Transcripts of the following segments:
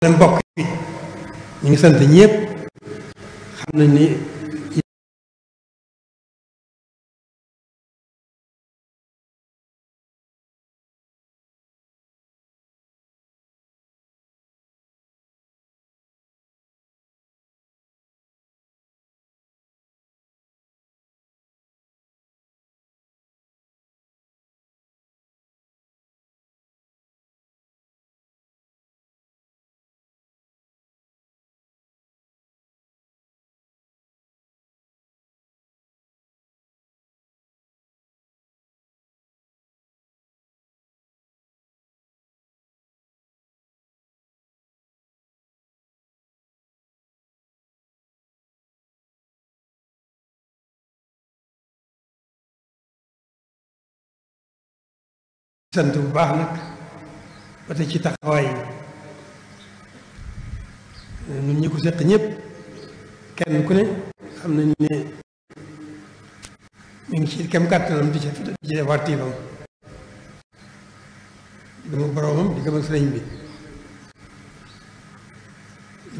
leen mbokk yi ñu ngi sant ñëpp xam nañ ni sant bu baax nag ba tey ci taxawaay yi ñun ñi ko seq ñëpp kenn ku ne xam nañ ne ñu ngi ci kem kàttanam di ci di ci def wartiifam di gëm di gëm ak bi di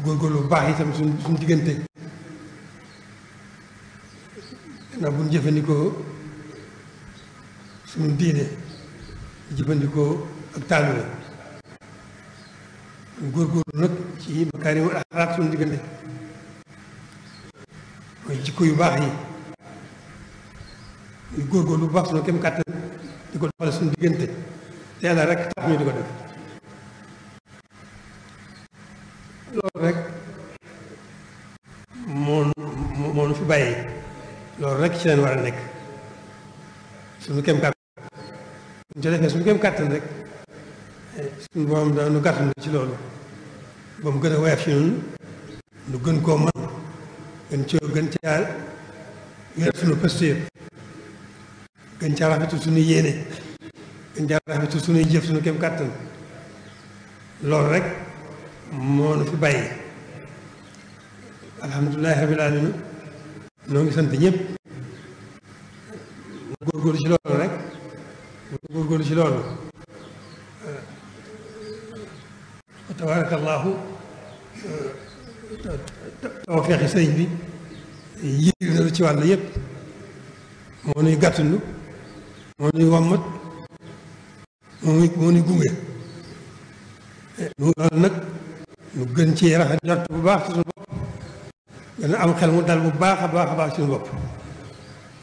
góorgóorlu bu baax itam suñ suñ diggante gannaaw bu ñu jëfandikoo suñu diine jëfandikoo ak taalule góorgóorlu nag ci makaarimul axlaaq suñu diggante mooy jikko yu baax yi ñu góorgóorlu bu baax suñu kem kàttan di ko doxale suñu diggante te yàlla rek tax ñu di ko def loolu rek moo moo fi bàyyi loolu rek ci leen war a nekk suñu kem kàttan ñu ci defee suñu kéem kàttan rek suñu borom daa nu gàttan ci loolu ba mu gën a woyof ci ñun nu gën koo mën gën ci gën caa yore suñu pëstéer gën caa rafetu suñu yéene gën caa suñuy jëf suñu kéem kàttan loolu rek moo nu fi bàyyi alhamdulilahi rabil alamin noo ngi sant ñëpp góorgóorlu ci loolu rek góorgóorlu ci loolu tabaarakallaahu tawfeexi sëriñ bi yiir na lu ci wàll yépp gën ci rafet jot bu baax am xel mu dal bu baax a baax a baax ci suñu bopp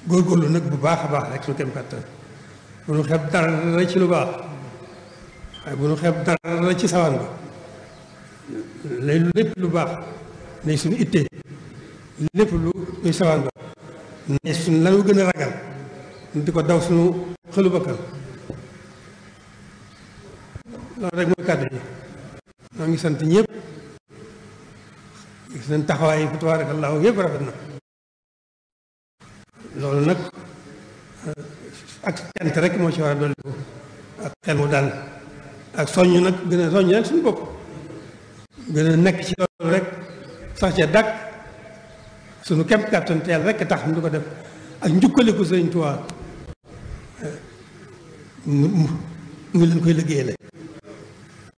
góorgóorlu nag bu baax a baax rek suñu kem kàttan bu nu xeeb dara ci lu baax waaye bu nu xeeb dara ci sawaan ba lay lépp lu baax nay suñu ittee lépp lu luy sawaan ba nay suñ lanu gën a ragal di ko daw suñu xëlu bakkan loolu rek mooy kàddu ngi sant ñëpp gis nañ taxawaay yi tabaarakallaahu yëpp rafet na loolu nag ak cant rek moo ci war a dolli ko ak xel mu dal ak soññ nag gën a soññ rek suñu bopp gën a nekk ci loolu rek sax ca dàkk suñu kem kàttan teel rek tax ñu ko def ak njukkaliku Sëriñ Tuubaa mu ngi leen koy liggéeyale